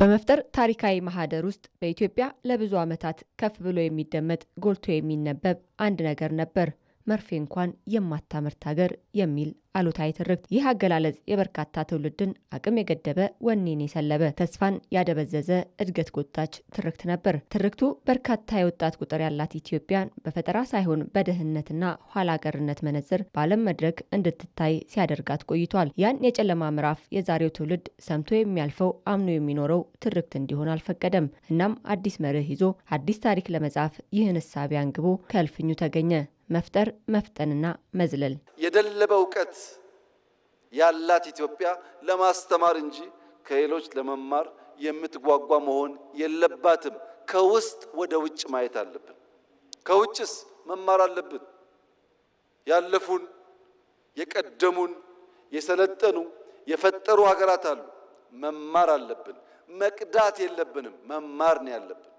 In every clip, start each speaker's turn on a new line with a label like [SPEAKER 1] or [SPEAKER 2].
[SPEAKER 1] በመፍጠር ታሪካዊ ማህደር ውስጥ በኢትዮጵያ ለብዙ ዓመታት ከፍ ብሎ የሚደመጥ ጎልቶ የሚነበብ አንድ ነገር ነበር። መርፌ እንኳን የማታመርት ሀገር የሚል አሉታዊ ትርክት። ይህ አገላለጽ የበርካታ ትውልድን አቅም የገደበ ወኔን የሰለበ ተስፋን ያደበዘዘ እድገት ጎታች ትርክት ነበር። ትርክቱ በርካታ የወጣት ቁጥር ያላት ኢትዮጵያን በፈጠራ ሳይሆን በድህነትና ኋላ ቀርነት መነጽር በዓለም መድረክ እንድትታይ ሲያደርጋት ቆይቷል። ያን የጨለማ ምዕራፍ የዛሬው ትውልድ ሰምቶ የሚያልፈው አምኖ የሚኖረው ትርክት እንዲሆን አልፈቀደም። እናም አዲስ መርህ ይዞ አዲስ ታሪክ ለመጻፍ ይህን እሳቤ አንግቦ ከእልፍኙ ተገኘ። መፍጠር መፍጠንና መዝለል
[SPEAKER 2] የደለበ እውቀት ያላት ኢትዮጵያ ለማስተማር እንጂ ከሌሎች ለመማር የምትጓጓ መሆን የለባትም። ከውስጥ ወደ ውጭ ማየት አለብን። ከውጭስ መማር አለብን። ያለፉን፣ የቀደሙን፣ የሰለጠኑ የፈጠሩ ሀገራት አሉ። መማር አለብን። መቅዳት የለብንም። መማር ነው ያለብን።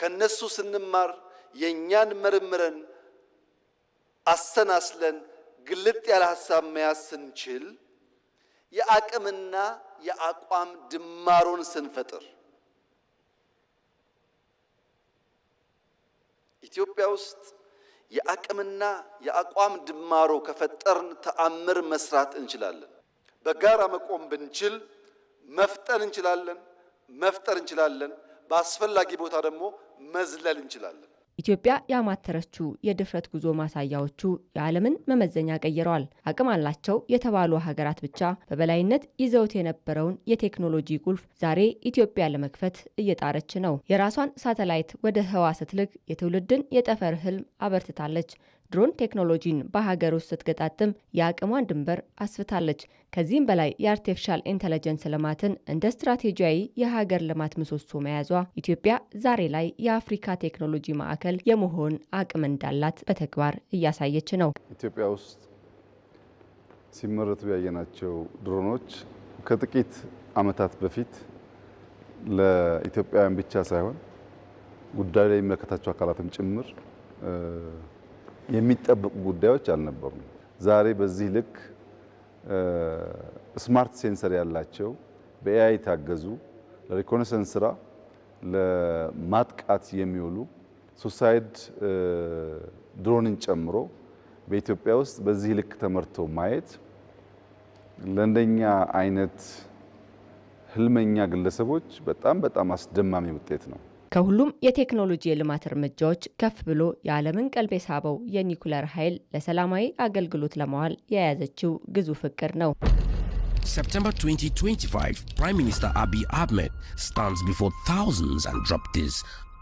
[SPEAKER 2] ከነሱ ስንማር የእኛን መርምረን አሰናስለን ግልጥ ያለ ሀሳብ መያዝ ስንችል የአቅምና የአቋም ድማሩን ስንፈጥር ኢትዮጵያ ውስጥ የአቅምና የአቋም ድማሮ ከፈጠርን ተአምር መስራት እንችላለን። በጋራ መቆም ብንችል መፍጠር እንችላለን መፍጠር እንችላለን። በአስፈላጊ ቦታ ደግሞ መዝለል እንችላለን።
[SPEAKER 1] ኢትዮጵያ ያማተረችው የድፍረት ጉዞ ማሳያዎቹ የዓለምን መመዘኛ ቀይረዋል። አቅም አላቸው የተባሉ ሀገራት ብቻ በበላይነት ይዘውት የነበረውን የቴክኖሎጂ ቁልፍ ዛሬ ኢትዮጵያ ለመክፈት እየጣረች ነው። የራሷን ሳተላይት ወደ ህዋ ስትልክ የትውልድን የጠፈር ህልም አበርትታለች። ድሮን ቴክኖሎጂን በሀገር ውስጥ ስትገጣጥም የአቅሟን ድንበር አስፍታለች። ከዚህም በላይ የአርቲፊሻል ኢንተለጀንስ ልማትን እንደ ስትራቴጂያዊ የሀገር ልማት ምሰሶ መያዟ ኢትዮጵያ ዛሬ ላይ የአፍሪካ ቴክኖሎጂ ማዕከል የመሆን አቅም እንዳላት በተግባር እያሳየች ነው።
[SPEAKER 3] ኢትዮጵያ ውስጥ ሲመረቱ ያየናቸው ድሮኖች ከጥቂት ዓመታት በፊት ለኢትዮጵያውያን ብቻ ሳይሆን ጉዳዩ ላይ የሚመለከታቸው አካላትም ጭምር የሚጠበቁ ጉዳዮች አልነበሩም። ዛሬ በዚህ ልክ ስማርት ሴንሰር ያላቸው በኤአይ የታገዙ ለሪኮኔሰንስ ስራ ለማጥቃት የሚውሉ ሱሳይድ ድሮንን ጨምሮ በኢትዮጵያ ውስጥ በዚህ ልክ ተመርቶ ማየት ለእንደኛ አይነት ህልመኛ ግለሰቦች በጣም በጣም አስደማሚ ውጤት ነው።
[SPEAKER 1] ከሁሉም የቴክኖሎጂ የልማት እርምጃዎች ከፍ ብሎ የዓለምን ቀልብ የሳበው የኒኩለር ኃይል ለሰላማዊ አገልግሎት ለማዋል የያዘችው ግዙፍ እቅድ ነው።
[SPEAKER 4] September 2025, Prime Minister Abiy Ahmed stands before thousands and dropped this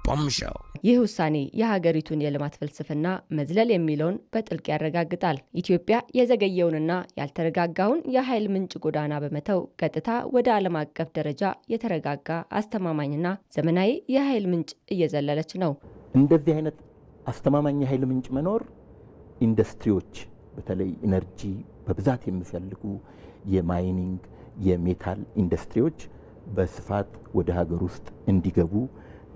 [SPEAKER 4] ቦምሻው
[SPEAKER 1] ይህ ውሳኔ የሀገሪቱን የልማት ፍልስፍና መዝለል የሚለውን በጥልቅ ያረጋግጣል። ኢትዮጵያ የዘገየውንና ያልተረጋጋውን የኃይል ምንጭ ጎዳና በመተው ቀጥታ ወደ ዓለም አቀፍ ደረጃ የተረጋጋ አስተማማኝና ዘመናዊ የኃይል ምንጭ እየዘለለች ነው።
[SPEAKER 5] እንደዚህ አይነት አስተማማኝ የኃይል ምንጭ መኖር ኢንዱስትሪዎች፣ በተለይ ኢነርጂ በብዛት የሚፈልጉ የማይኒንግ የሜታል ኢንዱስትሪዎች በስፋት ወደ ሀገር ውስጥ እንዲገቡ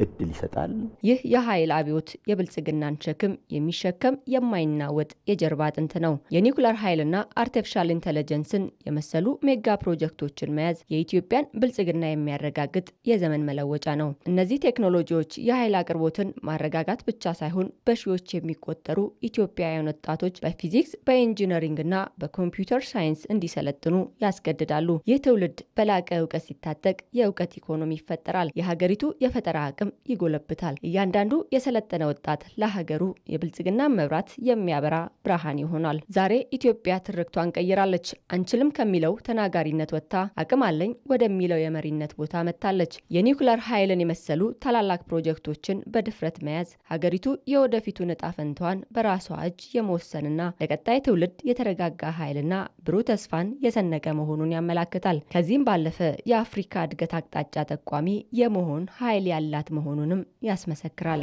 [SPEAKER 5] እድል ይሰጣል።
[SPEAKER 1] ይህ የኃይል አብዮት የብልጽግናን ሸክም የሚሸከም የማይናወጥ የጀርባ አጥንት ነው። የኒኩለር ኃይልና አርቲፊሻል ኢንተለጀንስን የመሰሉ ሜጋ ፕሮጀክቶችን መያዝ የኢትዮጵያን ብልጽግና የሚያረጋግጥ የዘመን መለወጫ ነው። እነዚህ ቴክኖሎጂዎች የኃይል አቅርቦትን ማረጋጋት ብቻ ሳይሆን በሺዎች የሚቆጠሩ ኢትዮጵያውያን ወጣቶች በፊዚክስ በኢንጂነሪንግና በኮምፒውተር ሳይንስ እንዲሰለጥኑ ያስገድዳሉ። ይህ ትውልድ በላቀ እውቀት ሲታጠቅ የእውቀት ኢኮኖሚ ይፈጠራል። የሀገሪቱ የፈጠራ አቅም ጥቅም ይጎለብታል። እያንዳንዱ የሰለጠነ ወጣት ለሀገሩ የብልጽግና መብራት የሚያበራ ብርሃን ይሆናል። ዛሬ ኢትዮጵያ ትርክቷን ቀይራለች። አንችልም ከሚለው ተናጋሪነት ወጥታ አቅም አለኝ ወደሚለው የመሪነት ቦታ መጥታለች። የኒውክለር ኃይልን የመሰሉ ታላላቅ ፕሮጀክቶችን በድፍረት መያዝ ሀገሪቱ የወደፊቱን እጣ ፈንታዋን በራሷ እጅ የመወሰንና ለቀጣይ ትውልድ የተረጋጋ ኃይልና ብሩህ ተስፋን የሰነቀ መሆኑን ያመላክታል። ከዚህም ባለፈ የአፍሪካ እድገት አቅጣጫ ጠቋሚ የመሆን ኃይል ያላት መሆኑንም ያስመሰክራል።